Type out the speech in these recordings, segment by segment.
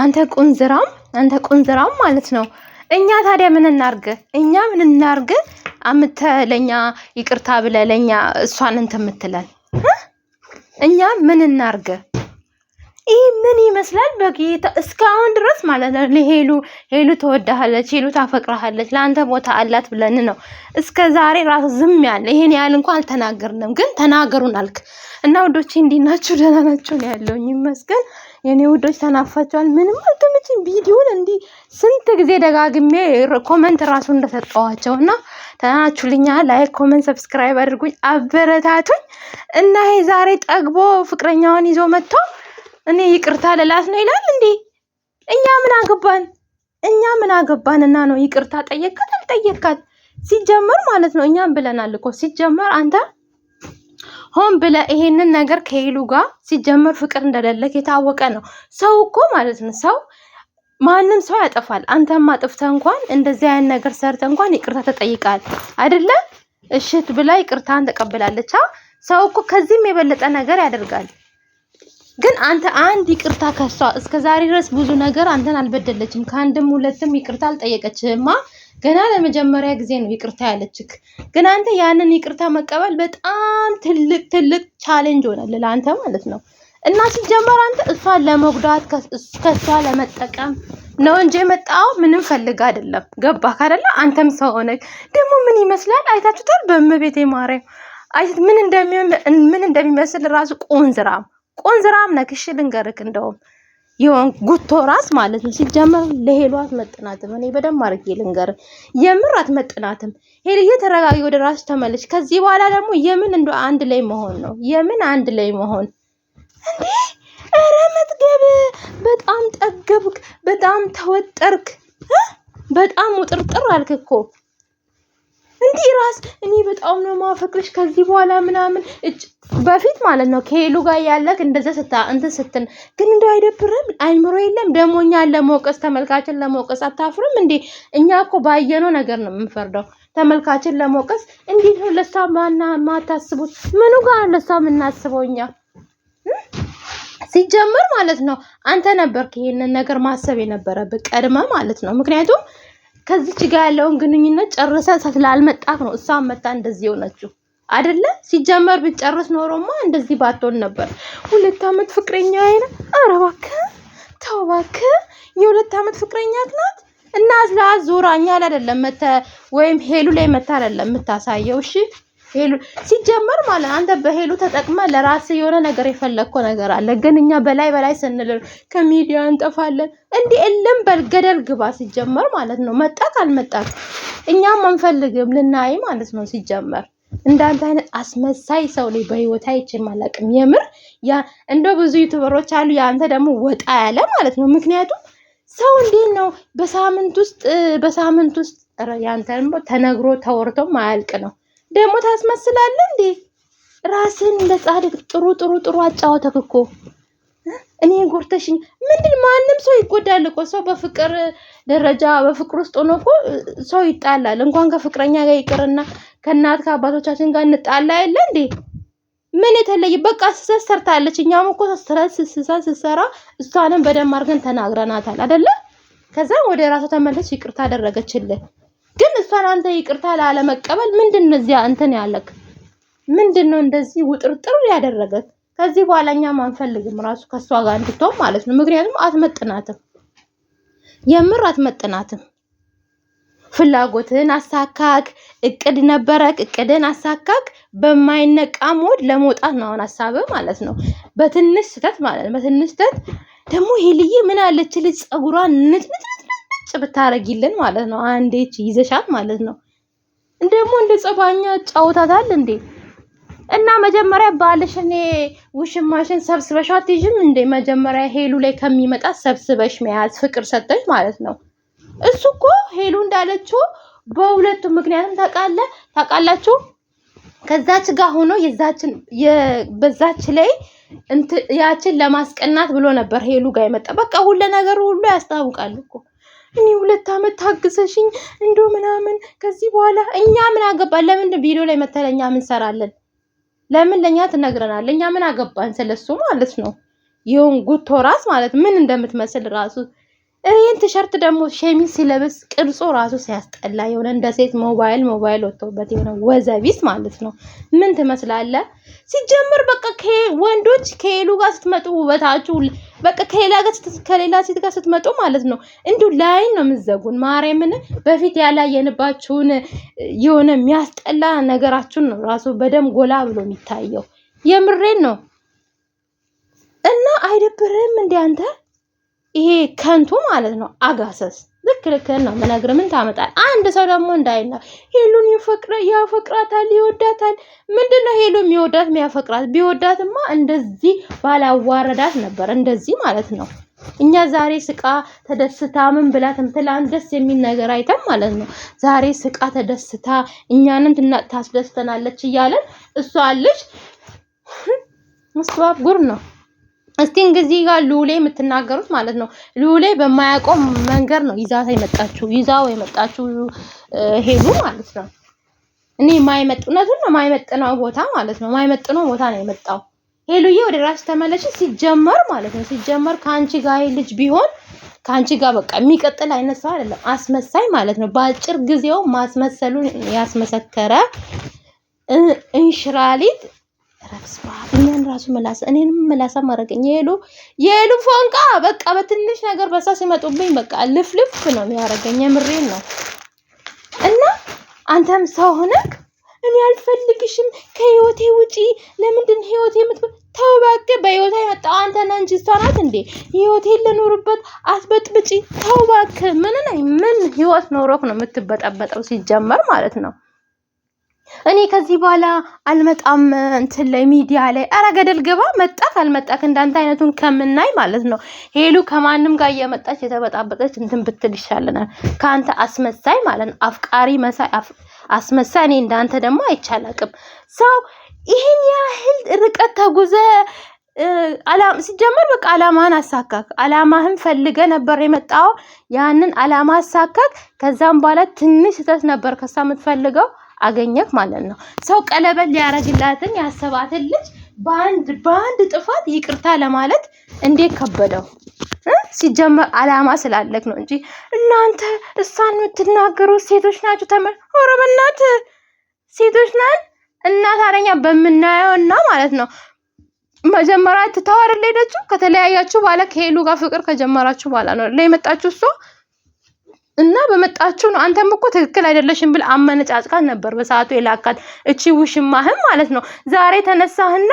አንተ ቁንዝራም አንተ ቁንዝራም ማለት ነው። እኛ ታዲያ ምን እናርግ? እኛ ምን እናርግ? አምተ ለኛ ይቅርታ ብለ ለኛ እሷን እንትን የምትለን እኛ ምን እናርግ? ይህ ምን ይመስላል? በጌታ እስካሁን ድረስ ማለት ነው ለሄሉ ሄሉ ተወዳሃለች፣ ሄሉ ታፈቅረሃለች፣ ለአንተ ቦታ አላት ብለን ነው እስከ ዛሬ ራሱ ዝም ያለ። ይሄን ያህል እንኳን አልተናገርንም፣ ግን ተናገሩን አልክ እና ወዶቼ እንዲናችሁ ደህና ናችሁ ነው ያለውኝ፣ ይመስገን። የኔ ውዶች ተናፋቸዋል። ምንም አልተመችም። ቪዲዮን እንዲህ ስንት ጊዜ ደጋግሜ ኮመንት ራሱ እንደሰጠዋቸው እና ተናችሁልኛ። ላይክ፣ ኮመንት፣ ሰብስክራይብ አድርጉኝ፣ አበረታቱኝ እና ይሄ ዛሬ ጠግቦ ፍቅረኛውን ይዞ መጥቶ እኔ ይቅርታ ልላት ነው ይላል። እንዴ እኛ ምን አገባን? እኛ ምን አገባን? እና ነው ይቅርታ ጠየቅካት አልጠየቅካት ሲጀመር ማለት ነው። እኛም ብለናል እኮ ሲጀመር አንተ ሆን ብለ ይሄንን ነገር ከሄሉ ጋር ሲጀመር ፍቅር እንደሌለክ የታወቀ ነው። ሰው እኮ ማለት ነው ሰው ማንም ሰው ያጠፋል። አንተም አጥፍተህ እንኳን እንደዚህ አይነት ነገር ሰርተ እንኳን ይቅርታ ተጠይቃል አይደለ? እሽት ብላ ይቅርታን ተቀብላለች። ሰው እኮ ከዚህም የበለጠ ነገር ያደርጋል። ግን አንተ አንድ ይቅርታ ከሷ እስከ ዛሬ ድረስ ብዙ ነገር አንተን አልበደለችም። ከአንድም ሁለትም ይቅርታ አልጠየቀችህማ። ገና ለመጀመሪያ ጊዜ ነው ይቅርታ ያለችክ። ግን አንተ ያንን ይቅርታ መቀበል በጣም ትልቅ ትልቅ ቻሌንጅ ሆናል ለአንተ ማለት ነው። እና ሲጀመር አንተ እሷን ለመጉዳት ከእሷ ለመጠቀም ነው እንጂ የመጣው ምንም ፈልግ አይደለም። ገባህ አይደለ? አንተም ሰው ሆነክ ደግሞ ምን ይመስላል አይታችሁታል። በእመቤቴ ማርያም አይት ምን እንደሚመስል ራሱ ቆንዝራም ቆንዝራም ነክሽ ልንገርክ እንደውም የሆን ጉቶ ራስ ማለት ነው። ሲጀመር ለሄሉ አትመጥናትም። እኔ በደንብ አድርጌ ልንገር፣ የምር አትመጥናትም። ሄልዬ ተረጋጊ፣ ወደ ራስሽ ተመለሽ። ከዚህ በኋላ ደግሞ የምን እንደ አንድ ላይ መሆን ነው የምን አንድ ላይ መሆን እንዴ! ኧረ መጥገብ፣ በጣም ጠገብክ፣ በጣም ተወጠርክ፣ በጣም ውጥርጥር አልክ እኮ እንዲህ ራስ እኔ በጣም ነው ማፈቅርሽ ከዚህ በኋላ ምናምን እጭ በፊት ማለት ነው ከሄሉ ጋር ያለክ እንደዛ ስታ እንትን ስትን ግን እንደው አይደብርም? አይምሮ የለም ደግሞ እኛን ለመውቀስ ተመልካችን ለመውቀስ አታፍርም እንዴ? እኛ እኮ ባየነው ነገር ነው የምንፈርደው። ተመልካችን ለመውቀስ እንዴት ነው ለሷ ማና ማታስቡት? ምኑ ጋር ለሷ የምናስበው እኛ? ሲጀመር ማለት ነው አንተ ነበርክ ይሄንን ነገር ማሰብ የነበረብህ ቀድመ ማለት ነው። ምክንያቱም ከዚች ጋር ያለውን ግንኙነት ጨርሰ ስላልመጣክ ነው እሷ መጣ እንደዚህ የሆነችው። አይደለ? ሲጀመር ብንጨርስ ኖሮማ እንደዚህ ባትሆን ነበር። ሁለት አመት ፍቅረኛ አይነ ኧረ እባክህ ተው እባክህ። የሁለት አመት ፍቅረኛ ናት እና አዝላ ዞራ እኛ ላይ አይደለም መተ ወይም ሄሉ ላይ መታ አይደለም የምታሳየው። እሺ ሄሉ ሲጀመር ማለት አንተ በሄሉ ተጠቅመ ለራስ የሆነ ነገር የፈለግከው ነገር አለ። ግን እኛ በላይ በላይ ስንል ከሚዲያ እንጠፋለን። እንዲህ እልም በልገደል ግባ ሲጀመር ማለት ነው። መጣት አልመጣት እኛም አንፈልግም ልናይ ማለት ነው ሲጀመር እንዳንተ አይነት አስመሳይ ሰው ላይ በህይወት አይቼም አላውቅም። የምር ያ እንደ ብዙ ዩቱበሮች አሉ፣ ያንተ ደግሞ ወጣ ያለ ማለት ነው። ምክንያቱም ሰው እንዴት ነው በሳምንት ውስጥ በሳምንት ውስጥ ያንተ ደግሞ ተነግሮ ተወርቶ ማያልቅ ነው። ደግሞ ታስመስላለህ እንዴ ራስን እንደ ጻድቅ ጥሩ ጥሩ ጥሩ አጫወተክ እኮ እኔ ጎርተሽኝ ምንድን ማንም ሰው ይጎዳል እኮ ሰው በፍቅር ደረጃ በፍቅር ውስጥ ሆኖ እኮ ሰው ይጣላል። እንኳን ከፍቅረኛ ጋር ይቅርና ከእናት ከአባቶቻችን ጋር እንጣላ የለ እንዴ? ምን የተለየ በቃ ስህተት ሰርታለች። እኛም እኮ ስህተት ስትሰራ እሷንም በደንብ አድርገን ተናግረናታል አይደለ? ከዛም ወደ ራሷ ተመለስ፣ ይቅርታ አደረገችልን። ግን እሷን አንተ ይቅርታ ላለመቀበል ምንድን ነው እዚያ እንትን ያለክ ምንድን ነው እንደዚህ ውጥርጥር ያደረገት ከዚህ በኋላ እኛም አንፈልግም ራሱ ከእሷ ጋር እንድትሆን ማለት ነው። ምክንያቱም አትመጥናትም፣ የምር አትመጥናትም። ፍላጎትን አሳካክ። እቅድ ነበረክ፣ እቅድን አሳካክ። በማይነቃ ሞድ ለመውጣት ነው አሁን ሀሳብህ ማለት ነው። በትንሽ ስህተት ማለት ነው። በትንሽ ስህተት ደግሞ ሄልዬ ምን አለች ልጅ ፀጉሯን ንጭንጭንጭ ብታረጊልን ማለት ነው። አንዴች ይዘሻት ማለት ነው። ደግሞ እንደ ጸባኛ ጫወታታል እንዴ! እና መጀመሪያ እኔ ውሽማሽን ሰብስበሽ አትይዥም እንዴ? መጀመሪያ ሄሉ ላይ ከሚመጣ ሰብስበሽ መያዝ ፍቅር ሰጠሽ ማለት ነው። እሱ እኮ ሄሉ እንዳለችው በሁለቱም ምክንያትም ታቃለ ታቃላችሁ ከዛች ጋር ሆኖ የዛችን በዛች ላይ ያችን ለማስቀናት ብሎ ነበር ሄሉ ጋር የመጣ። በቃ ሁለ ነገሩ ሁሉ ያስታውቃል እኮ እኔ ሁለት አመት ታግሰሽኝ እንዶ ምናምን ከዚህ በኋላ እኛ ምን አገባን? ለምን ቪዲዮ ላይ መተለ እኛ ምን ሰራለን? ለምን ለእኛ ትነግረናል? እኛ ምን አገባን? ስለሱ ማለት ነው ይሁን ጉቶ ራስ ማለት ምን እንደምትመስል ራሱ ይህን ቲሸርት ደግሞ ሸሚዝ ሲለብስ ቅርጹ ራሱ ሲያስጠላ የሆነ እንደ ሴት ሞባይል ሞባይል ወጥቶበት የሆነ ወዘቢስ ማለት ነው። ምን ትመስላለ? ሲጀምር በቃ ወንዶች ከሄሉ ጋር ስትመጡ ውበታችሁ በቃ ከሌላ ጋር ከሌላ ሴት ጋር ስትመጡ ማለት ነው እንዲሁ ላይን ነው የምዘጉን ማርያምን በፊት ያላየንባችሁን የሆነ የሚያስጠላ ነገራችሁን ነው ራሱ በደም ጎላ ብሎ የሚታየው። የምሬን ነው እና አይደብርም እንደ አንተ ይሄ ከንቱ ማለት ነው አጋሰስ ልክ ልክህን ነው ምነግር ምን ታመጣል? አንድ ሰው ደግሞ እንዳይና ሄሉን ያፈቅራታል፣ ይወዳታል። ምንድን ነው ሄሉ የሚወዳት የሚያፈቅራት? ቢወዳትማ እንደዚህ ባላዋረዳት ነበር። እንደዚህ ማለት ነው እኛ ዛሬ ስቃ ተደስታ ምን ብላ ትላንት ደስ የሚል ነገር አይተም ማለት ነው። ዛሬ ስቃ ተደስታ እኛንን ታስደስተናለች እያለን እሷ አለች። ምስባብ ጉር ነው። እስቲ እንግዲህ ጋር ሉሌ የምትናገሩት ማለት ነው። ሉሌ በማያውቀው መንገድ ነው ይዛት የመጣችው ይዛው የመጣችው ሄዱ ማለት ነው። እኔ ነው የማይመጥነው ቦታ ማለት ነው። የማይመጥነው ቦታ ነው የመጣው። ሄሉዬ ወደ ራስ ተመለሽ። ሲጀመር ማለት ነው ሲጀመር ከአንቺ ጋር ልጅ ቢሆን ከአንቺ ጋር በቃ የሚቀጥል አይነት ሰው አይደለም። አስመሳይ ማለት ነው። በአጭር ጊዜው ማስመሰሉን ያስመሰከረ እንሽራሊት ረብስባ እኛን ራሱ መላሳ እኔንም መላሳ ማድረገኝ የሉ የሉ ፎንቃ በቃ በትንሽ ነገር በሳ ሲመጡብኝ በቃ ልፍልፍ ነው የሚያደርገኝ። የምሬን ነው። እና አንተም ሰው ሆነክ እኔ አልፈልግሽም፣ ከህይወቴ ውጪ፣ ለምንድን ህይወቴ የምት ተው እባክህ። በህይወት የመጣው አንተ ነህ እንጂ እሷ ናት እንዴ? ህይወቴ ለኖርበት አትበጥብጪ። ተው እባክህ። ምን ነኝ ምን ህይወት ኖሮክ ነው የምትበጠበጠው ሲጀመር ማለት ነው። እኔ ከዚህ በኋላ አልመጣም እንትን ላይ ሚዲያ ላይ ኧረ ገደል ግባ። መጣት አልመጣክ እንዳንተ አይነቱን ከምናይ ማለት ነው። ሄሉ ከማንም ጋር እየመጣች የተበጣበጠች እንትን ብትል ይሻለናል፣ ከአንተ አስመሳይ ማለት ነው። አፍቃሪ መሳይ አስመሳይ። እኔ እንዳንተ ደግሞ አይቻላቅም። ሰው ይህን ያህል ርቀት ተጉዘ ሲጀመር በቃ አላማህን አሳካክ። አላማህን ፈልገ ነበር የመጣው ያንን አላማ አሳካክ። ከዛም በኋላ ትንሽ ስህተት ነበር ከሳ የምትፈልገው አገኘህ ማለት ነው። ሰው ቀለበት ሊያረግላትን ያሰባትን ልጅ በአንድ በአንድ ጥፋት ይቅርታ ለማለት እንዴት ከበደው? ሲጀመር አላማ ስላለክ ነው እንጂ እናንተ እሷን የምትናገሩ ሴቶች ናቸው። ተመር ኧረ በእናትህ ሴቶች ነን እና ታረኛ በምናየው እና ማለት ነው መጀመሪያ ትተዋር ሄደችው ከተለያያችሁ በኋላ ከሄሉ ጋር ፍቅር ከጀመራችሁ በኋላ ነው ለመጣችሁ እሷ እና በመጣችው ነው። አንተም እኮ ትክክል አይደለሽም ብል አመነጫጭቃት ነበር በሰዓቱ የላካት እቺ ውሽማህም ማለት ነው። ዛሬ ተነሳህና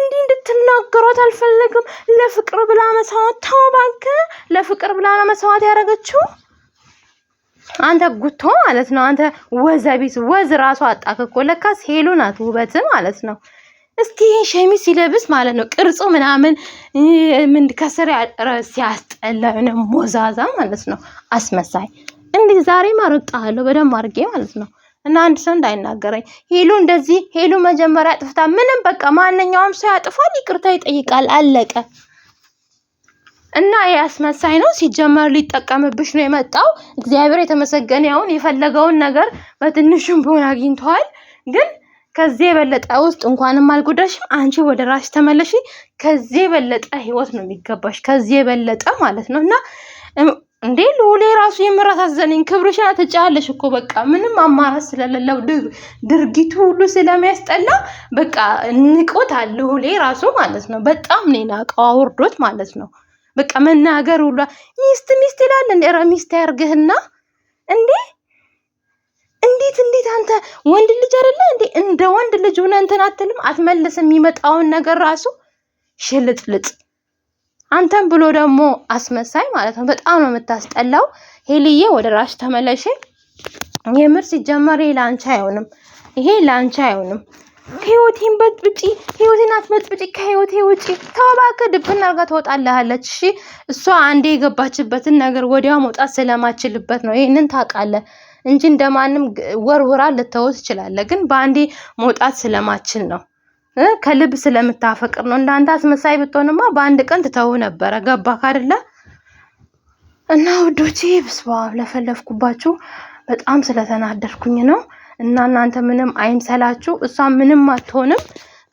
እንዲህ እንድትናገሯት አልፈለግም። ለፍቅር ብላ መስዋዕት ታባከ ለፍቅር ብላ መስዋዕት ያደረገችው አንተ ጉቶ ማለት ነው። አንተ ወዘቢስ ወዝ ራሱ አጣክ እኮ። ለካስ ሄሉ ናት ውበት ማለት ነው። እስኪ ይህን ሸሚዝ ሲለብስ ማለት ነው ቅርጹ ምናምን ምን ከስር ሲያስጠላ የሆነ ሞዛዛ ማለት ነው አስመሳይ። እንዲህ ዛሬ አሮጣለሁ በደንብ አድርጌ ማለት ነው። እና አንድ ሰው እንዳይናገረኝ ሄሉ እንደዚህ ሄሉ መጀመሪያ ጥፍታ ምንም በቃ ማንኛውም ሰው ያጥፋል፣ ይቅርታ ይጠይቃል፣ አለቀ። እና ይህ አስመሳይ ነው። ሲጀመር ሊጠቀምብሽ ነው የመጣው። እግዚአብሔር የተመሰገነ ያውን የፈለገውን ነገር በትንሹም ቢሆን አግኝተዋል ግን ከዚህ የበለጠ ውስጥ እንኳንም አልጎዳሽም። አንቺ ወደ ራስሽ ተመለሺ። ከዚህ የበለጠ ህይወት ነው የሚገባሽ፣ ከዚህ የበለጠ ማለት ነው እና እንዴ ሎሌ ራሱ የምራሳዘነኝ ክብርሽን አትጫለሽ እኮ በቃ ምንም አማራጭ ስለሌለው ድርጊቱ ሁሉ ስለሚያስጠላ በቃ ንቆታል። ሎሌ ራሱ ማለት ነው በጣም ነው የናቀው አውርዶት ማለት ነው። በቃ መናገር ሁሉ ሚስት ሚስት ይላል እንደ ኧረ ሚስት ያርግህና እንዴ እንዴት እንዴት አንተ ወንድ ልጅ አይደለ እንዴ? እንደ ወንድ ልጅ ሆነ እንትን አትልም አትመልስም። የሚመጣውን ነገር ራሱ ሽልጥልጥ አንተም ብሎ ደግሞ አስመሳይ ማለት ነው። በጣም ነው የምታስጠላው። ሄልዬ ወደ ራሽ ተመለሽ። የምር ሲጀመር ይሄ ላንቺ አይሆንም፣ ይሄ ላንቺ አይሆንም። ህይወቴን በጥብጪ፣ ህይወቴን አትበጥብጪ፣ ከህይወቴ ውጪ ተባከ ድብን አርጋ ትወጣለች። እሺ እሷ አንዴ የገባችበትን ነገር ወዲያው መውጣት ስለማችልበት ነው። ይሄንን ታውቃለህ። እንጂ እንደማንም ወርውራ ልተወው ትችላለህ። ግን በአንዴ መውጣት ስለማችል ነው ከልብ ስለምታፈቅር ነው። እንዳንተ አስመሳይ ብትሆንማ በአንድ ቀን ትተው ነበረ። ገባክ አይደለ? እና ውዶቼ ብስዋ ለፈለፍኩባችሁ በጣም ስለተናደድኩኝ ነው። እና እናንተ ምንም አይምሰላችሁ፣ እሷ ምንም አትሆንም።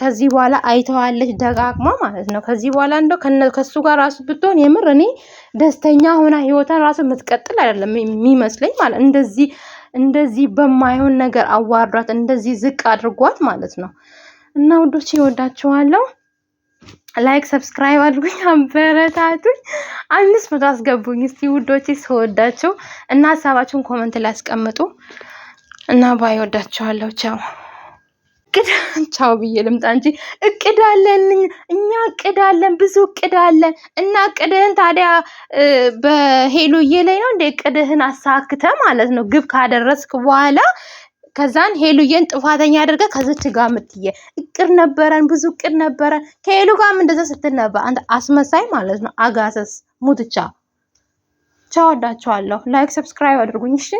ከዚህ በኋላ አይተዋለች ደጋግማ ማለት ነው። ከዚህ በኋላ እንደው ከሱ ጋር ራሱ ብትሆን የምር እኔ ደስተኛ ሆና ህይወቷን ራሱ የምትቀጥል አይደለም የሚመስለኝ ማለት እንደዚህ እንደዚህ በማይሆን ነገር አዋርዷት እንደዚህ ዝቅ አድርጓት ማለት ነው። እና ውዶች ይወዳችኋለሁ። ላይክ ሰብስክራይብ አድርጉኝ፣ አበረታቱኝ፣ አምስት መቶ አስገቡኝ እስቲ ውዶች ስወዳቸው እና ሀሳባችሁን ኮመንት ላይ አስቀምጡ እና ባይ ወዳችኋለሁ። ቻው እቅድ ቻው ብዬ ልምጣ እንጂ እቅድ አለን እኛ እቅድ አለን፣ ብዙ እቅድ አለን። እና እቅድህን ታዲያ በሄሉዬ ላይ ነው እንደ እቅድህን አሳክተ ማለት ነው ግብ ካደረስክ በኋላ ከዛን ሄሉዬን ጥፋተኛ አድርገ ከዚች ጋር ምትየ እቅድ ነበረን፣ ብዙ እቅድ ነበረን። ከሄሉ ጋርም እንደዛ ስትል አንተ አስመሳይ ማለት ነው። አጋሰስ ሙትቻ ቻው፣ ወዳችኋለሁ። ላይክ ሰብስክራይብ አድርጉኝ እሺ።